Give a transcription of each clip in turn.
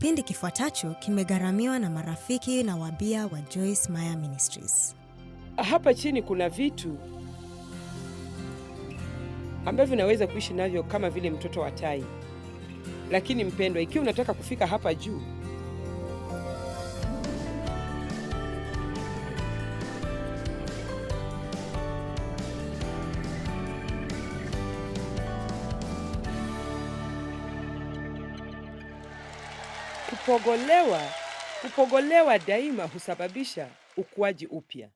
Kipindi kifuatacho kimegharamiwa na marafiki na wabia wa Joyce Meyer Ministries. Hapa chini kuna vitu ambavyo naweza kuishi navyo kama vile mtoto wa tai. Lakini mpendwa, ikiwa unataka kufika hapa juu Kupogolewa, kupogolewa daima husababisha ukuaji upya.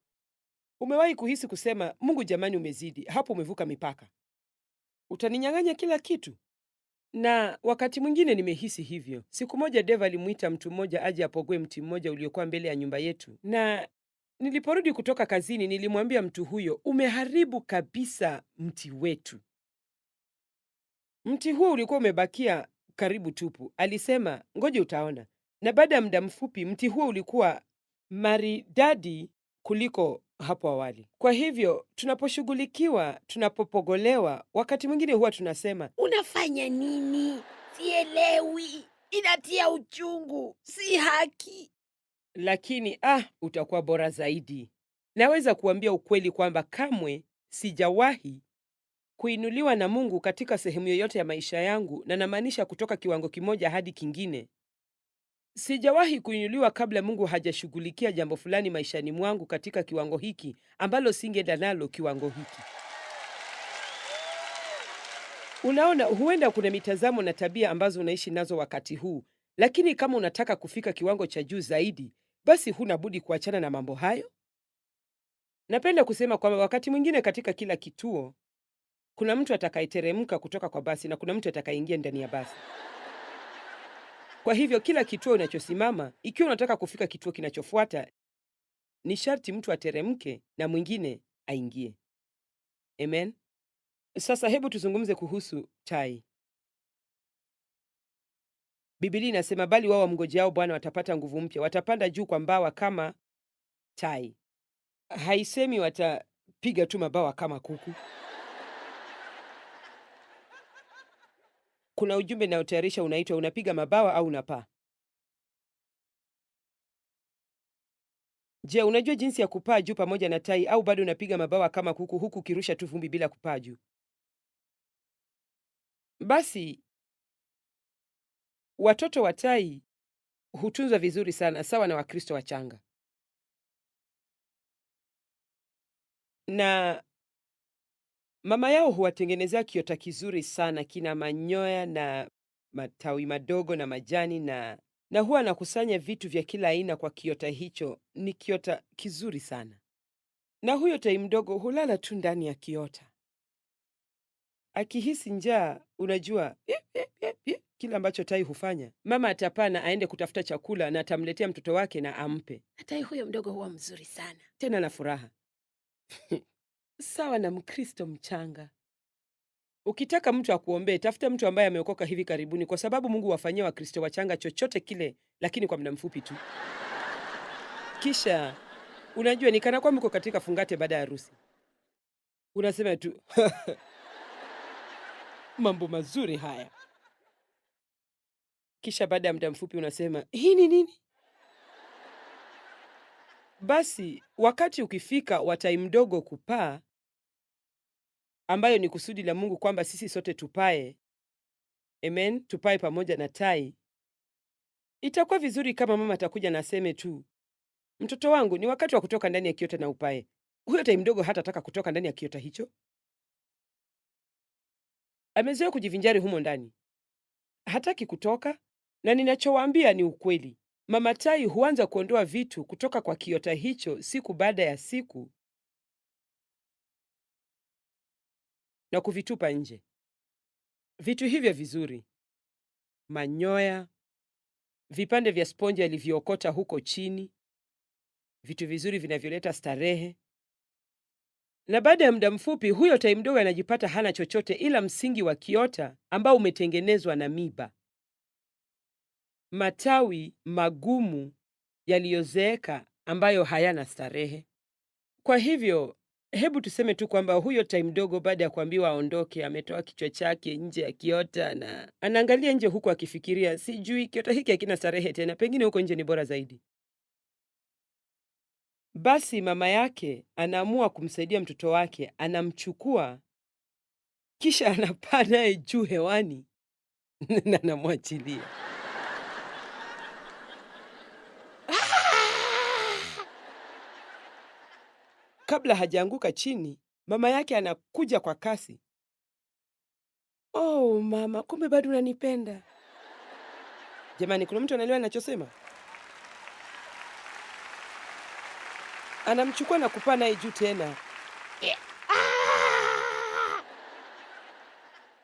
Umewahi kuhisi kusema, Mungu jamani, umezidi hapo, umevuka mipaka, utaninyang'anya kila kitu? Na wakati mwingine nimehisi hivyo. Siku moja Deva alimwita mtu mmoja aje apogwe mti mmoja uliokuwa mbele ya nyumba yetu, na niliporudi kutoka kazini, nilimwambia mtu huyo, umeharibu kabisa mti wetu. Mti huo ulikuwa umebakia karibu tupu. Alisema, ngoja utaona. Na baada ya muda mfupi mti huo ulikuwa maridadi kuliko hapo awali. Kwa hivyo tunaposhughulikiwa, tunapopogolewa, wakati mwingine huwa tunasema unafanya nini? Sielewi, inatia uchungu, si haki. Lakini ah, utakuwa bora zaidi. Naweza kuambia ukweli kwamba kamwe sijawahi Kuinuliwa na Mungu katika sehemu yoyote ya maisha yangu, na namaanisha kutoka kiwango kimoja hadi kingine. Sijawahi kuinuliwa kabla Mungu hajashughulikia jambo fulani maishani mwangu katika kiwango hiki ambalo singeenda nalo kiwango hiki. Unaona, huenda kuna mitazamo na tabia ambazo unaishi nazo wakati huu, lakini kama unataka kufika kiwango cha juu zaidi, basi huna budi kuachana na mambo hayo. Napenda kusema kwamba wakati mwingine katika kila kituo kuna mtu atakayeteremka kutoka kwa basi na kuna mtu atakayeingia ndani ya basi. Kwa hivyo kila kituo unachosimama, ikiwa unataka kufika kituo kinachofuata, ni sharti mtu ateremke na mwingine aingie. Amen. Sasa hebu tuzungumze kuhusu tai. Biblia inasema, bali wao wamngojeao Bwana watapata nguvu mpya, watapanda juu kwa mbawa kama tai. Haisemi watapiga tu mabawa kama kuku. kuna ujumbe inayotayarisha unaitwa unapiga mabawa au unapaa. Je, unajua jinsi ya kupaa juu pamoja na tai au bado unapiga mabawa kama kuku huku ukirusha tu vumbi bila kupaa juu? Basi watoto wa tai hutunzwa vizuri sana sawa na Wakristo wachanga na Mama yao huwatengenezea kiota kizuri sana, kina manyoya na matawi madogo na majani na na huwa anakusanya vitu vya kila aina kwa kiota hicho. Ni kiota kizuri sana, na huyo tai mdogo hulala tu ndani ya kiota akihisi njaa. Unajua eh, eh, eh, kile ambacho tai hufanya, mama atapana aende kutafuta chakula na atamletea mtoto wake na ampe, na tai huyo mdogo huwa mzuri sana tena na furaha sawa na Mkristo mchanga. Ukitaka mtu akuombee, tafuta mtu ambaye ameokoka hivi karibuni, kwa sababu Mungu wafanyia Wakristo wachanga chochote kile, lakini kwa muda mfupi tu. Kisha unajua ni kana kwamba uko katika fungate baada ya harusi, unasema tu mambo mazuri haya, kisha baada ya muda mfupi unasema hii ni nini? Basi wakati ukifika wa tai mdogo kupaa, ambayo ni kusudi la Mungu kwamba sisi sote tupae, amen, tupae pamoja na tai, itakuwa vizuri kama mama atakuja na aseme tu, mtoto wangu, ni wakati wa kutoka ndani ya kiota na upae. Huyo tai mdogo hatataka kutoka ndani ya kiota hicho, amezoea kujivinjari humo ndani, hataki kutoka, na ninachowaambia ni ukweli. Mama Tai huanza kuondoa vitu kutoka kwa kiota hicho siku baada ya siku na kuvitupa nje. Vitu hivyo vizuri, manyoya, vipande vya sponji alivyookota huko chini, vitu vizuri vinavyoleta starehe. Na baada ya muda mfupi, huyo tai mdogo anajipata hana chochote ila msingi wa kiota ambao umetengenezwa na miba matawi magumu yaliyozeeka ambayo hayana starehe. Kwa hivyo hebu tuseme tu kwamba huyo tai mdogo baada ya kuambiwa aondoke, ametoa kichwa chake nje ya kiota na anaangalia nje huku akifikiria, sijui kiota hiki hakina starehe tena, pengine huko nje ni bora zaidi. Basi mama yake anaamua kumsaidia mtoto wake, anamchukua kisha anapaa naye juu hewani na anamwachilia. Kabla hajaanguka chini, mama yake anakuja kwa kasi. Oh mama, kumbe bado unanipenda! Jamani, kuna mtu anaelewa ninachosema? Anamchukua na kupaa naye juu tena,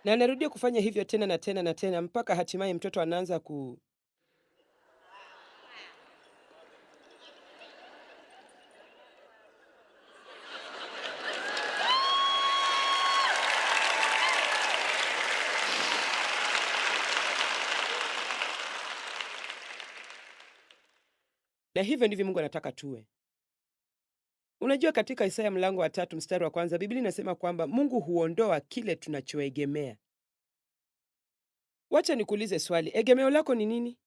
na anarudia kufanya hivyo tena na tena na tena, mpaka hatimaye mtoto anaanza ku na hivyo ndivyo Mungu anataka tuwe. Unajua, katika Isaya mlango wa tatu mstari wa kwanza Biblia inasema kwamba Mungu huondoa kile tunachoegemea. Wacha nikuulize swali, egemeo lako ni nini?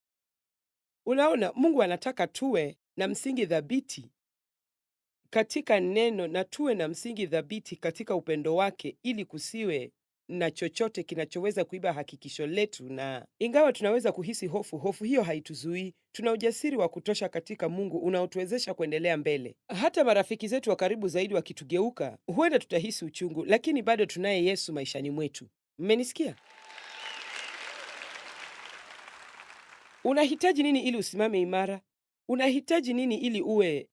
Unaona, Mungu anataka tuwe na msingi thabiti katika neno na tuwe na msingi thabiti katika upendo wake, ili kusiwe na chochote kinachoweza kuiba hakikisho letu, na ingawa tunaweza kuhisi hofu, hofu hiyo haituzuii. Tuna ujasiri wa kutosha katika Mungu unaotuwezesha kuendelea mbele. Hata marafiki zetu wa karibu zaidi wakitugeuka, huenda tutahisi uchungu, lakini bado tunaye Yesu maishani mwetu. Mmenisikia? Unahitaji nini ili usimame imara? Unahitaji nini ili uwe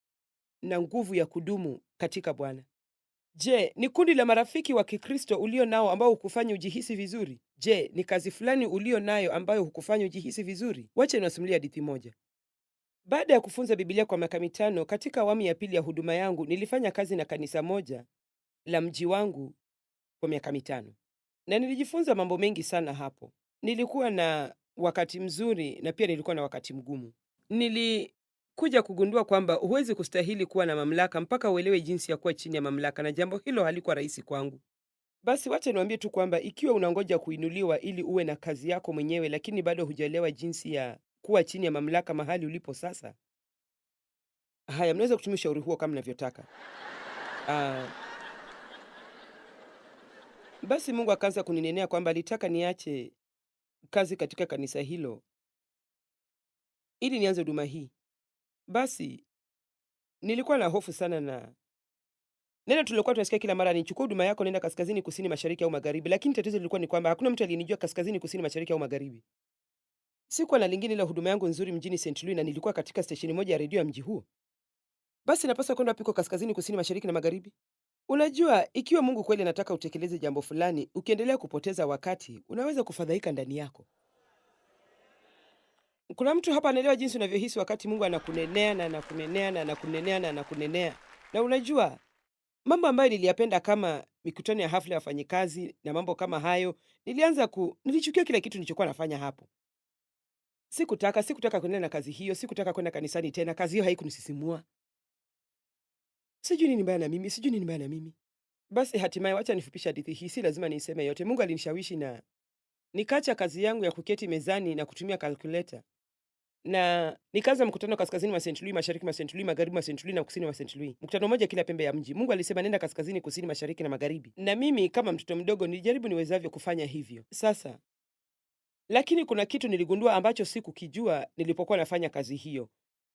na nguvu ya kudumu katika Bwana? Je, ni kundi la marafiki wa Kikristo ulio nao ambao hukufanya ujihisi vizuri? Je, ni kazi fulani ulio nayo ambayo hukufanya ujihisi vizuri? Wacha niwasimulia hadithi moja. Baada ya kufunza Biblia kwa miaka mitano, katika awamu ya pili ya huduma yangu nilifanya kazi na kanisa moja la mji wangu kwa miaka mitano, na nilijifunza mambo mengi sana hapo. Nilikuwa na wakati mzuri na pia nilikuwa na wakati mgumu. Nili kuja kugundua kwamba huwezi kustahili kuwa na mamlaka mpaka uelewe jinsi ya kuwa chini ya mamlaka, na jambo hilo halikuwa rahisi kwangu. Basi wacha niwambie tu kwamba ikiwa unangoja kuinuliwa ili uwe na kazi yako mwenyewe, lakini bado hujaelewa jinsi ya kuwa chini ya mamlaka mahali ulipo sasa, haya, mnaweza kutumia ushauri huo kama mnavyotaka. Uh, basi Mungu akaanza kuninenea kwamba alitaka niache kazi katika kanisa hilo ili nianze huduma hii. Basi nilikuwa na hofu sana, na neno tulilokuwa tunasikia kila mara ni chukua huduma yako, nenda kaskazini, kusini, mashariki au magharibi. Lakini tatizo lilikuwa ni kwamba hakuna mtu aliyenijua kaskazini, kusini, mashariki au magharibi. Sikuwa na lingine la huduma yangu nzuri mjini St. Louis, na nilikuwa katika stesheni moja ya redio ya mji huo. Basi napaswa kwenda wapi? Kwa kaskazini, kusini, mashariki na magharibi? Unajua, ikiwa Mungu kweli anataka utekeleze jambo fulani, ukiendelea kupoteza wakati unaweza kufadhaika ndani yako. Kuna mtu hapa anaelewa jinsi unavyohisi wakati Mungu anakunenea na anakunenea na anakunenea na anakunenea. Na unajua mambo ambayo niliyapenda kama mikutano ya hafla ya wafanyikazi na mambo kama hayo, nilianza ku nilichukia kila kitu nilichokuwa nafanya hapo. Sikutaka, sikutaka kuendelea na kazi hiyo, sikutaka kwenda kanisani tena. Kazi hiyo haikunisisimua. Sijui nini mbaya na mimi, sijui nini mbaya na mimi. Basi hatimaye, wacha nifupisha hadithi hii, si lazima niiseme yote. Mungu alinishawishi na nikaacha kazi yangu ya kuketi mezani na kutumia kalkuleta na nikaanza mkutano kaskazini mwa St. Louis, mashariki mwa St. Louis, magharibi mwa St. Louis na kusini mwa St. Louis. Mkutano mmoja kila pembe ya mji. Mungu alisema nenda kaskazini, kusini, mashariki na magharibi. Na mimi kama mtoto mdogo nilijaribu niwezavyo kufanya hivyo. Sasa lakini kuna kitu niligundua ambacho sikukijua nilipokuwa nafanya kazi hiyo.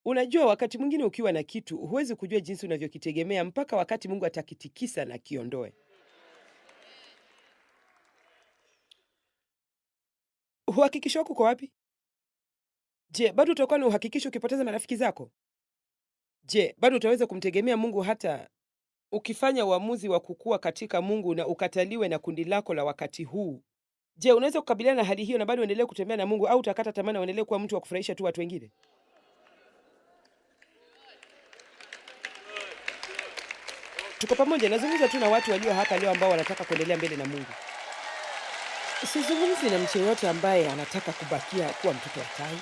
Unajua, wakati mwingine ukiwa na kitu huwezi kujua jinsi unavyokitegemea mpaka wakati Mungu atakitikisa na kiondoe. Uhakikisho wako kwa wapi? Je, bado utakuwa na uhakikisho ukipoteza marafiki zako? Je, bado utaweza kumtegemea Mungu hata ukifanya uamuzi wa kukua katika Mungu na ukataliwe na kundi lako la wakati huu? Je, unaweza kukabiliana na hali hiyo na bado uendelee kutembea na Mungu au utakata tamaa na uendelee kuwa mtu wa kufurahisha tu watu wengine? Tuko pamoja. Nazungumza tu na watu walio hapa leo ambao wanataka kuendelea mbele na Mungu. Sizungumzi na mtu yeyote ambaye anataka kubakia kuwa mtoto wa tai.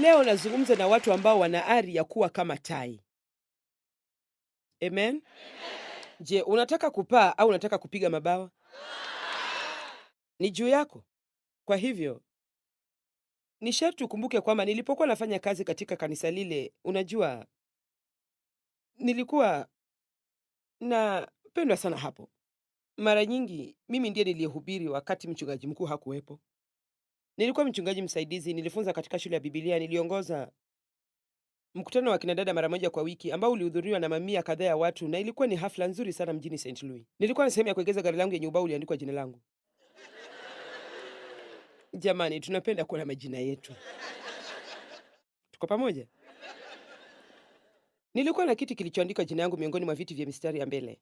Leo nazungumza na watu ambao wana ari ya kuwa kama tai. Amen, Je, unataka kupaa au unataka kupiga mabawa? Ni juu yako. Kwa hivyo ni sharti ukumbuke kwamba nilipokuwa nafanya kazi katika kanisa lile, unajua nilikuwa napendwa sana hapo. Mara nyingi mimi ndiye niliyehubiri wakati mchungaji mkuu hakuwepo. Nilikuwa mchungaji msaidizi, nilifunza katika shule ya Biblia, niliongoza mkutano wa kina dada mara moja kwa wiki ambao ulihudhuriwa na mamia kadhaa ya watu na ilikuwa ni hafla nzuri sana mjini St. Louis. Nilikuwa na sehemu ya kuegeza gari langu yenye ubao uliandikwa jina langu. Jamani, tunapenda kuwa na majina yetu. Tuko pamoja? Nilikuwa na kiti kilichoandikwa jina yangu miongoni mwa viti vya mistari ya mbele.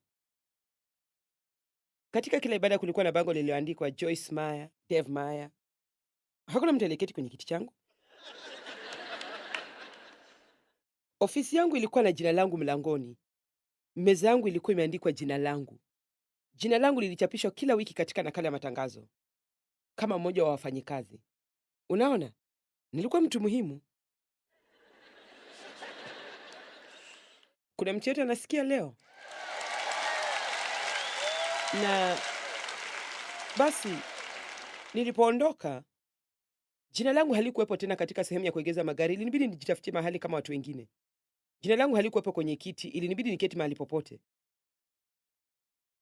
Katika kila ibada kulikuwa na bango lililoandikwa Joyce Meyer, Dave Meyer, Hakuna mtu aliyeketi kwenye kiti changu. Ofisi yangu ilikuwa na jina langu mlangoni. Meza yangu ilikuwa imeandikwa jina langu. Jina langu lilichapishwa kila wiki katika nakala ya matangazo kama mmoja wa wafanyikazi. Unaona, nilikuwa mtu muhimu. Kuna mtu yeyote anasikia leo? Na basi nilipoondoka Jina langu halikuwepo tena katika sehemu ya kuegeza magari, ilinibidi nijitafutie mahali kama watu wengine. Jina langu halikuwepo kwenye kiti, ilinibidi niketi mahali popote.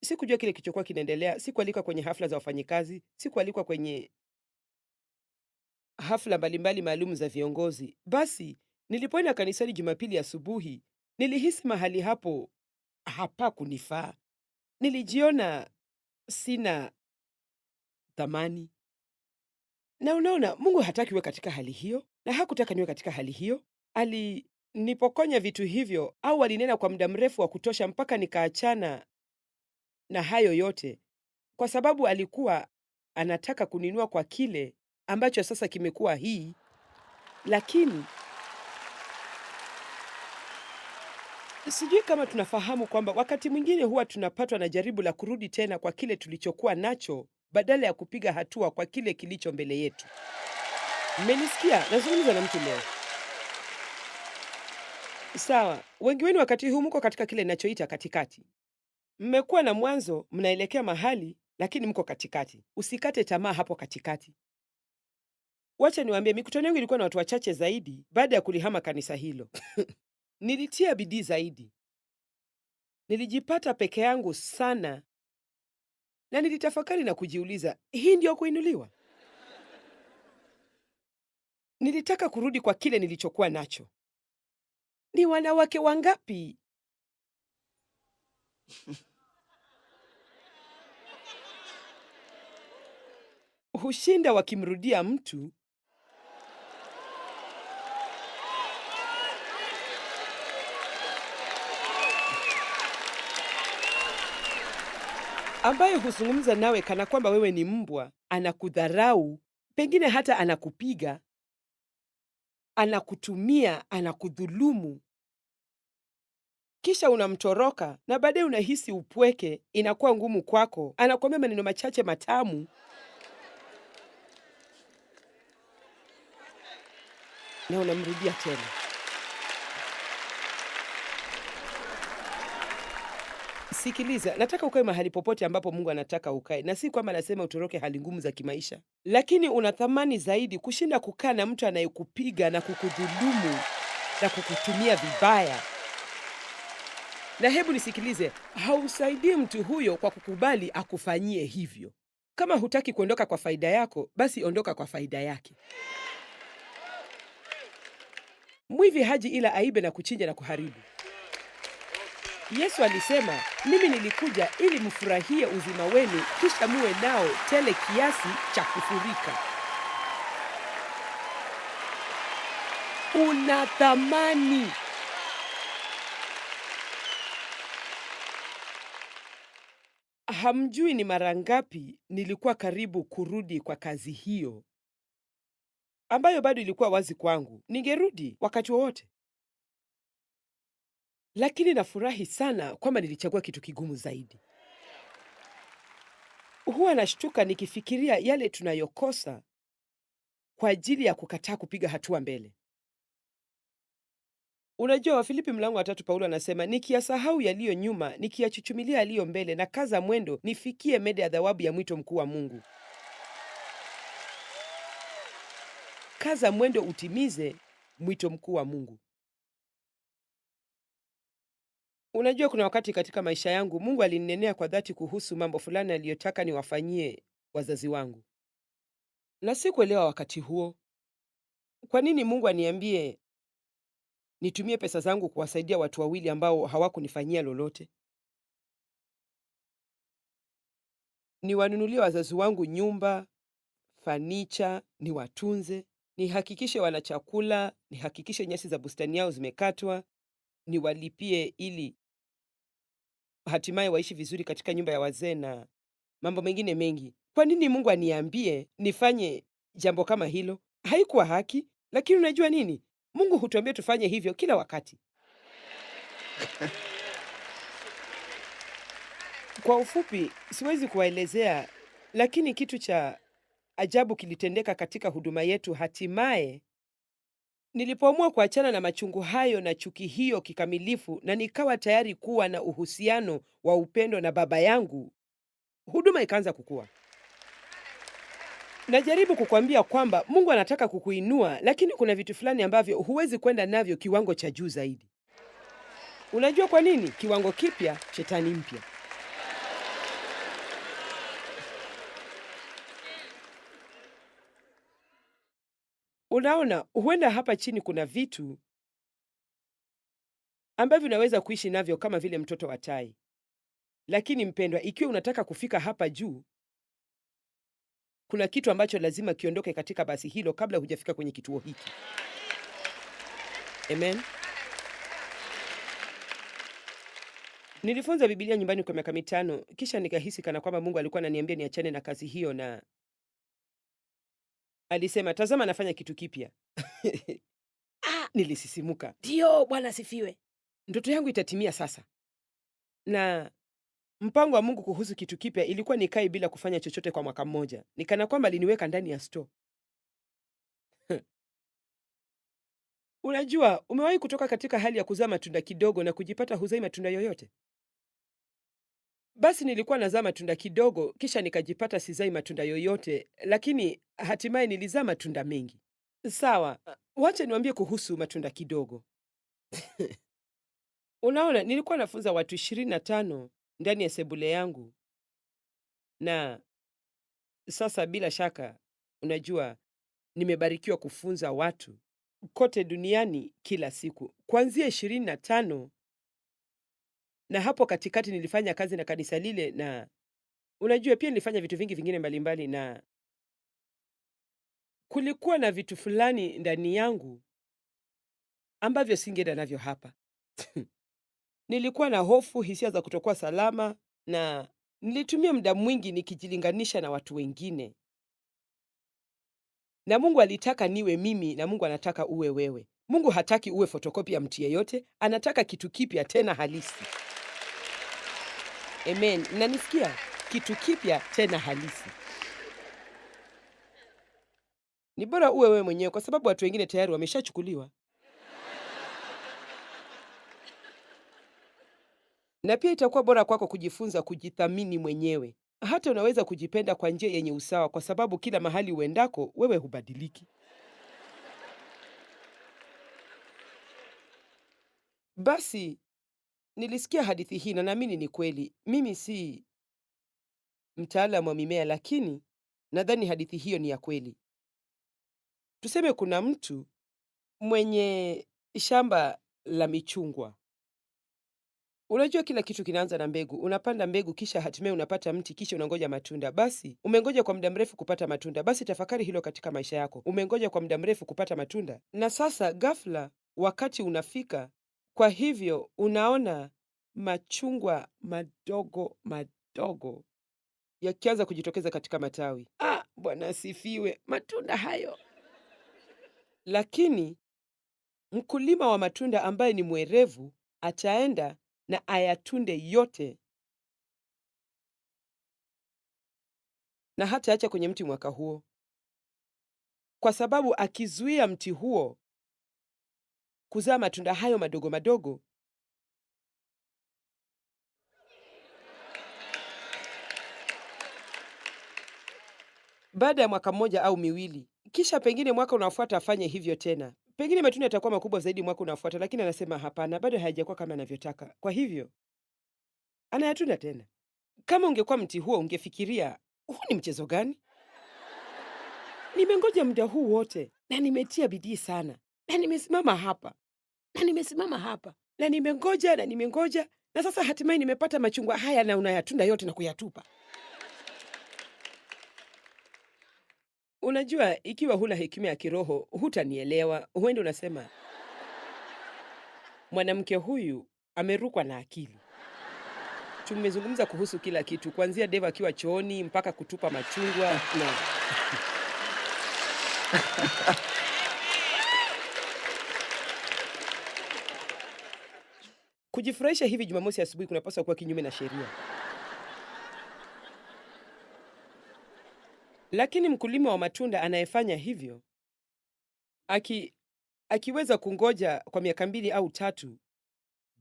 Sikujua kile kilichokuwa kinaendelea. Sikualikwa kwenye hafla za wafanyikazi, sikualikwa kwenye hafla mbalimbali maalum za viongozi. Basi nilipoenda kanisani Jumapili asubuhi, nilihisi mahali hapo hapa kunifaa. Nilijiona sina thamani. Na unaona, Mungu hataki uwe katika hali hiyo, na hakutaka niwe katika hali hiyo. Alinipokonya vitu hivyo, au alinena kwa muda mrefu wa kutosha, mpaka nikaachana na hayo yote, kwa sababu alikuwa anataka kuninua kwa kile ambacho sasa kimekuwa hii. Lakini sijui kama tunafahamu kwamba wakati mwingine huwa tunapatwa na jaribu la kurudi tena kwa kile tulichokuwa nacho badala ya kupiga hatua kwa kile kilicho mbele yetu. Mmenisikia? Nazungumza na mtu leo. Sawa, wengi wenu wakati huu mko katika kile ninachoita katikati. Mmekuwa na mwanzo, mnaelekea mahali, lakini mko katikati. Usikate tamaa hapo katikati. Wacha niwaambie, mikutano yangu ilikuwa na watu wachache zaidi baada ya kulihama kanisa hilo. Nilitia bidii zaidi, nilijipata peke yangu sana na nilitafakari na kujiuliza, hii ndiyo kuinuliwa? Nilitaka kurudi kwa kile nilichokuwa nacho. Ni wanawake wangapi hushinda wakimrudia mtu ambaye huzungumza nawe kana kwamba wewe ni mbwa, anakudharau, pengine hata anakupiga, anakutumia, anakudhulumu, kisha unamtoroka na baadaye unahisi upweke, inakuwa ngumu kwako. Anakuambia maneno machache matamu na unamrudia tena. Sikiliza, nataka ukae mahali popote ambapo Mungu anataka ukae, na si kwamba anasema utoroke hali ngumu za kimaisha, lakini una thamani zaidi kushinda kukaa na mtu anayekupiga na kukudhulumu na kukutumia vibaya. Na hebu nisikilize, hausaidii mtu huyo kwa kukubali akufanyie hivyo. Kama hutaki kuondoka kwa faida yako, basi ondoka kwa faida yake. Mwivi haji ila aibe na kuchinja na kuharibu. Yesu alisema, mimi nilikuja ili mfurahie uzima wenu, kisha muwe nao tele kiasi cha kufurika. Una thamani. Hamjui ni mara ngapi nilikuwa karibu kurudi kwa kazi hiyo ambayo bado ilikuwa wazi kwangu. Ningerudi wakati wowote lakini nafurahi sana kwamba nilichagua kitu kigumu zaidi. Huwa nashtuka nikifikiria yale tunayokosa kwa ajili ya kukataa kupiga hatua mbele. Unajua, Wafilipi mlango wa tatu Paulo anasema, nikiyasahau yaliyo nyuma, nikiyachuchumilia yaliyo mbele, na kaza mwendo nifikie mede ya thawabu ya mwito mkuu wa Mungu. Kaza mwendo utimize mwito mkuu wa Mungu. Unajua, kuna wakati katika maisha yangu Mungu alininenea kwa dhati kuhusu mambo fulani aliyotaka niwafanyie wazazi wangu, na sikuelewa wakati huo kwa nini Mungu aniambie nitumie pesa zangu kuwasaidia watu wawili ambao hawakunifanyia lolote. Niwanunulie wazazi wangu nyumba, fanicha, niwatunze, nihakikishe wana chakula, nihakikishe nyasi za bustani yao zimekatwa, niwalipie ili hatimaye waishi vizuri katika nyumba ya wazee na mambo mengine mengi. Kwa nini Mungu aniambie nifanye jambo kama hilo? Haikuwa haki, lakini unajua nini? Mungu hutuambia tufanye hivyo kila wakati. Kwa ufupi, siwezi kuwaelezea, lakini kitu cha ajabu kilitendeka katika huduma yetu. Hatimaye Nilipoamua kuachana na machungu hayo na chuki hiyo kikamilifu na nikawa tayari kuwa na uhusiano wa upendo na baba yangu, huduma ikaanza kukua. Najaribu kukwambia kwamba Mungu anataka kukuinua, lakini kuna vitu fulani ambavyo huwezi kwenda navyo kiwango cha juu zaidi. Unajua kwa nini? Kiwango kipya, shetani mpya. Unaona, huenda hapa chini kuna vitu ambavyo unaweza kuishi navyo kama vile mtoto wa tai. Lakini mpendwa, ikiwa unataka kufika hapa juu, kuna kitu ambacho lazima kiondoke katika basi hilo kabla hujafika kwenye kituo hiki. Amen. Nilifunza Biblia nyumbani kwa miaka mitano, kisha nikahisi kana kwamba Mungu alikuwa ananiambia niachane na kazi hiyo na Alisema, tazama anafanya kitu kipya. Ah, nilisisimuka. Ndiyo, Bwana asifiwe. Ndoto yangu itatimia sasa, na mpango wa Mungu kuhusu kitu kipya ilikuwa nikai bila kufanya chochote kwa mwaka mmoja, nikana kwamba aliniweka ndani ya store. Unajua, umewahi kutoka katika hali ya kuzaa matunda kidogo na kujipata huzai matunda yoyote? Basi nilikuwa nazaa matunda kidogo, kisha nikajipata sizai matunda yoyote, lakini hatimaye nilizaa matunda mengi. Sawa, wacha niwambie kuhusu matunda kidogo. Unaona, nilikuwa nafunza watu ishirini na tano ndani ya sebule yangu, na sasa bila shaka, unajua nimebarikiwa kufunza watu kote duniani kila siku, kuanzia ishirini na tano na hapo katikati nilifanya kazi na kanisa lile, na unajua pia nilifanya vitu vingi vingine mbalimbali, na kulikuwa na vitu fulani ndani yangu ambavyo singeenda navyo hapa nilikuwa na hofu, hisia za kutokuwa salama, na nilitumia muda mwingi nikijilinganisha na watu wengine, na Mungu alitaka niwe mimi na Mungu anataka uwe wewe. Mungu hataki uwe fotokopi ya mtu yeyote, anataka kitu kipya tena halisi. Amen. Nanisikia kitu kipya tena halisi. Ni bora uwe wewe mwenyewe, kwa sababu watu wengine tayari wameshachukuliwa. Na pia itakuwa bora kwako kujifunza kujithamini mwenyewe. Hata unaweza kujipenda kwa njia yenye usawa, kwa sababu kila mahali uendako wewe hubadiliki. Basi Nilisikia hadithi hii na naamini ni kweli. Mimi si mtaalamu wa mimea, lakini nadhani hadithi hiyo ni ya kweli. Tuseme kuna mtu mwenye shamba la michungwa. Unajua kila kitu kinaanza na mbegu. Unapanda mbegu, kisha hatimaye unapata mti, kisha unangoja matunda. Basi umengoja kwa muda mrefu kupata matunda. Basi tafakari hilo katika maisha yako. Umengoja kwa muda mrefu kupata matunda, na sasa ghafla wakati unafika kwa hivyo unaona machungwa madogo madogo yakianza kujitokeza katika matawi. Ah, Bwana asifiwe, matunda hayo! Lakini mkulima wa matunda ambaye ni mwerevu ataenda na ayatunde yote na hata acha kwenye mti mwaka huo, kwa sababu akizuia mti huo kuzaa matunda hayo madogo madogo. Baada ya mwaka mmoja au miwili, kisha pengine mwaka unaofuata afanye hivyo tena. Pengine matunda yatakuwa makubwa zaidi mwaka unaofuata, lakini anasema hapana, bado hayajakuwa kama anavyotaka. Kwa hivyo anayatunda tena. Kama ungekuwa mti huo, ungefikiria huu ni mchezo gani? Nimengoja muda huu wote na nimetia bidii sana, na nimesimama hapa na nimesimama hapa na nimengoja na nimengoja, na sasa hatimaye nimepata machungwa haya na unayatunda yote na kuyatupa. Unajua, ikiwa huna hekima ya kiroho hutanielewa. Huende unasema mwanamke huyu amerukwa na akili. Tumezungumza kuhusu kila kitu, kuanzia Deva akiwa chooni mpaka kutupa machungwa na Kujifurahisha hivi Jumamosi asubuhi kunapaswa kuwa kinyume na sheria. Lakini mkulima wa matunda anayefanya hivyo aki akiweza kungoja kwa miaka mbili au tatu,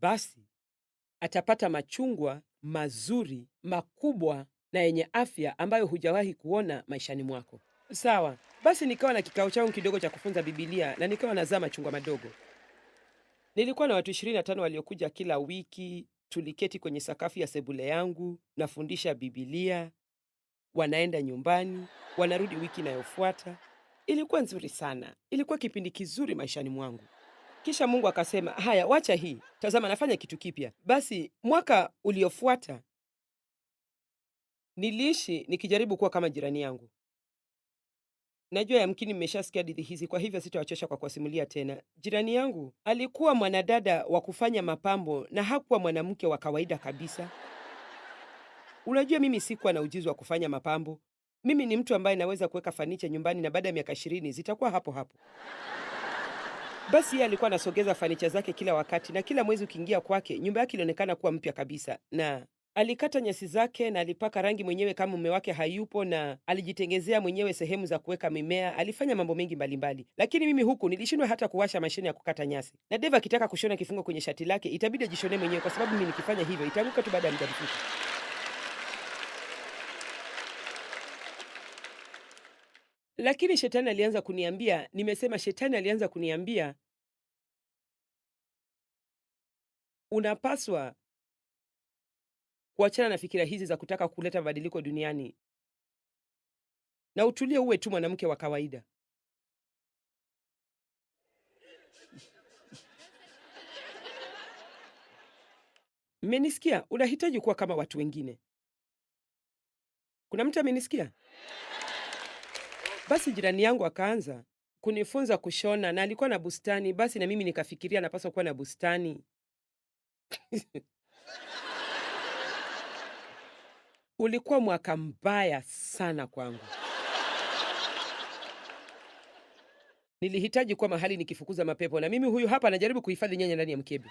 basi atapata machungwa mazuri makubwa na yenye afya ambayo hujawahi kuona maishani mwako. Sawa, basi nikawa na kikao changu kidogo cha kufunza Bibilia na nikawa nazaa machungwa madogo. Nilikuwa na watu tano waliokuja kila wiki. Tuliketi kwenye sakafu ya sebule yangu, nafundisha Bibilia, wanaenda nyumbani, wanarudi wiki inayofuata. Ilikuwa nzuri sana, ilikuwa kipindi kizuri maishani mwangu. Kisha Mungu akasema, haya, wacha hii, tazama, nafanya kitu kipya. Basi mwaka uliofuata niliishi nikijaribu kuwa kama jirani yangu. Najua yamkini mmeshasikia hadithi hizi, kwa hivyo sitawachosha kwa kuwasimulia tena. Jirani yangu alikuwa mwanadada wa kufanya mapambo na hakuwa mwanamke wa kawaida kabisa. Unajua, mimi sikuwa na ujuzi wa kufanya mapambo. Mimi ni mtu ambaye naweza kuweka fanicha nyumbani na baada ya miaka ishirini zitakuwa hapo hapo. Basi yeye alikuwa anasogeza fanicha zake kila wakati, na kila mwezi ukiingia kwake, nyumba yake ilionekana kuwa mpya kabisa na Alikata nyasi zake na alipaka rangi mwenyewe kama mume wake hayupo, na alijitengezea mwenyewe sehemu za kuweka mimea. Alifanya mambo mengi mbalimbali, lakini mimi huku nilishindwa hata kuwasha mashine ya kukata nyasi, na Deva akitaka kushona kifungo kwenye shati lake itabidi ajishonee mwenyewe, kwa sababu mimi nikifanya hivyo itaanguka tu baada ya muda mfupi. Lakini shetani alianza kuniambia, nimesema shetani alianza kuniambia unapaswa kuachana na fikira hizi za kutaka kuleta mabadiliko duniani, na utulie uwe tu mwanamke wa kawaida. Mmenisikia? Unahitaji kuwa kama watu wengine. Kuna mtu amenisikia? Basi jirani yangu akaanza kunifunza kushona, na alikuwa na bustani. Basi na mimi nikafikiria napaswa kuwa na bustani Ulikuwa mwaka mbaya sana kwangu. Nilihitaji kuwa mahali nikifukuza mapepo, na mimi huyu hapa anajaribu kuhifadhi nyanya ndani ya mkebe.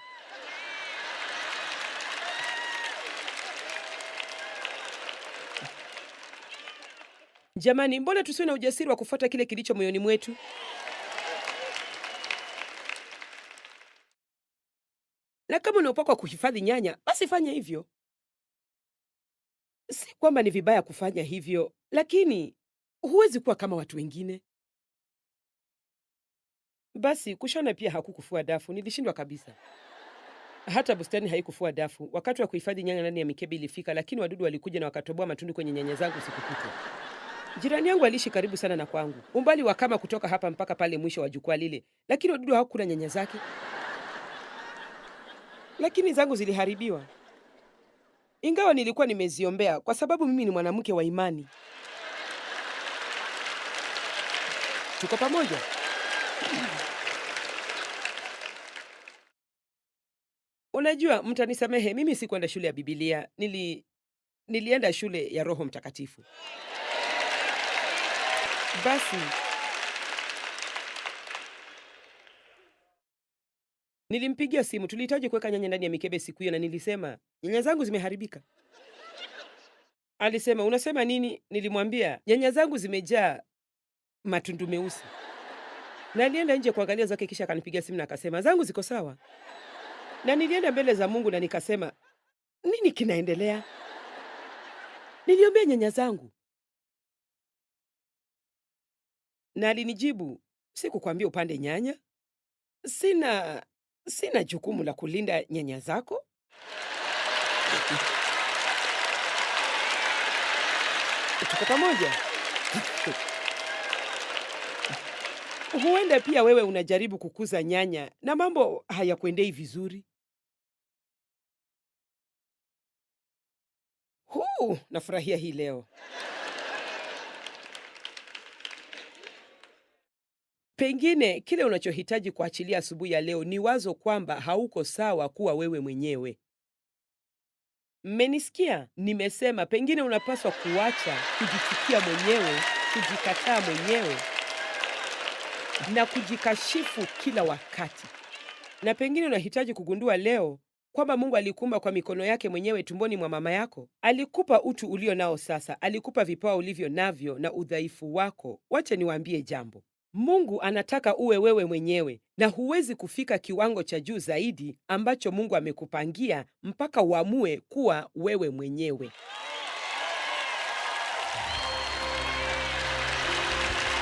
Jamani, mbona tusiwe na ujasiri wa kufuata kile kilicho moyoni mwetu? Na kama unaopakwa kuhifadhi nyanya, basi fanya hivyo kwamba ni vibaya kufanya hivyo, lakini huwezi kuwa kama watu wengine. Basi kushona pia hakukufua dafu, nilishindwa kabisa. Hata bustani haikufua dafu. Wakati wa kuhifadhi nyanya ndani ya mikebe ilifika, lakini wadudu walikuja na wakatoboa matundu kwenye nyanya zangu siku Jirani yangu aliishi karibu sana na kwangu, umbali wa kama kutoka hapa mpaka pale mwisho wa jukwaa lile, lakini wadudu hawakula nyanya zake, lakini zangu ziliharibiwa ingawa nilikuwa nimeziombea kwa sababu mimi ni mwanamke wa imani. Tuko pamoja? Unajua, mtanisamehe, mimi sikwenda shule ya Bibilia. Nili nilienda shule ya Roho Mtakatifu. Basi Nilimpigia simu, tulihitaji kuweka nyanya ndani ya mikebe siku hiyo, na nilisema nyanya zangu zimeharibika. Alisema unasema nini? Nilimwambia nyanya zangu zimejaa matundu meusi, na alienda nje kuangalia zake, kisha akanipigia simu na akasema zangu ziko sawa, na nilienda mbele za Mungu na nikasema nini kinaendelea? Niliombea nyanya zangu na alinijibu, sikukwambia upande nyanya, sina Sina jukumu la kulinda nyanya zako. Tuko pamoja. Huenda pia wewe unajaribu kukuza nyanya na mambo hayakuendei vizuri. Huu nafurahia hii leo. Pengine kile unachohitaji kuachilia asubuhi ya leo ni wazo kwamba hauko sawa kuwa wewe mwenyewe. Mmenisikia? Nimesema pengine unapaswa kuacha kujichukia mwenyewe, kujikataa mwenyewe na kujikashifu kila wakati. Na pengine unahitaji kugundua leo kwamba Mungu alikuumba kwa mikono yake mwenyewe tumboni mwa mama yako. Alikupa utu ulio nao sasa, alikupa vipawa ulivyo navyo na udhaifu wako. Wacha niwaambie jambo. Mungu anataka uwe wewe mwenyewe na huwezi kufika kiwango cha juu zaidi ambacho Mungu amekupangia mpaka uamue kuwa wewe mwenyewe.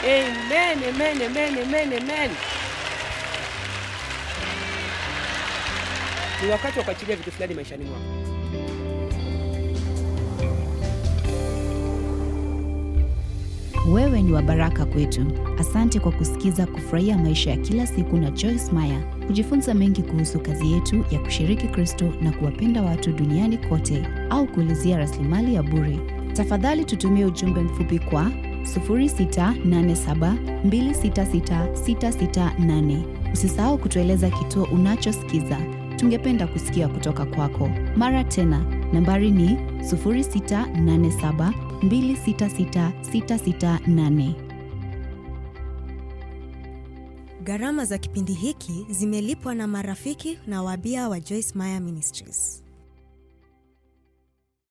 Amen, amen, amen, amen, amen. Ni wakati wa kuachilia vitu fulani maishani mwako. Wewe ni wa baraka kwetu. Asante kwa kusikiza Kufurahia Maisha ya Kila Siku na Joyce mye Kujifunza mengi kuhusu kazi yetu ya kushiriki Kristo na kuwapenda watu duniani kote, au kuulizia rasilimali ya bure, tafadhali tutumie ujumbe mfupi kwa 0687266668. Usisahau kutueleza kituo unachosikiza. Tungependa kusikia kutoka kwako. Mara tena, nambari ni 0687 266668. Gharama za kipindi hiki zimelipwa na marafiki na wabia wa Joyce Meyer Ministries.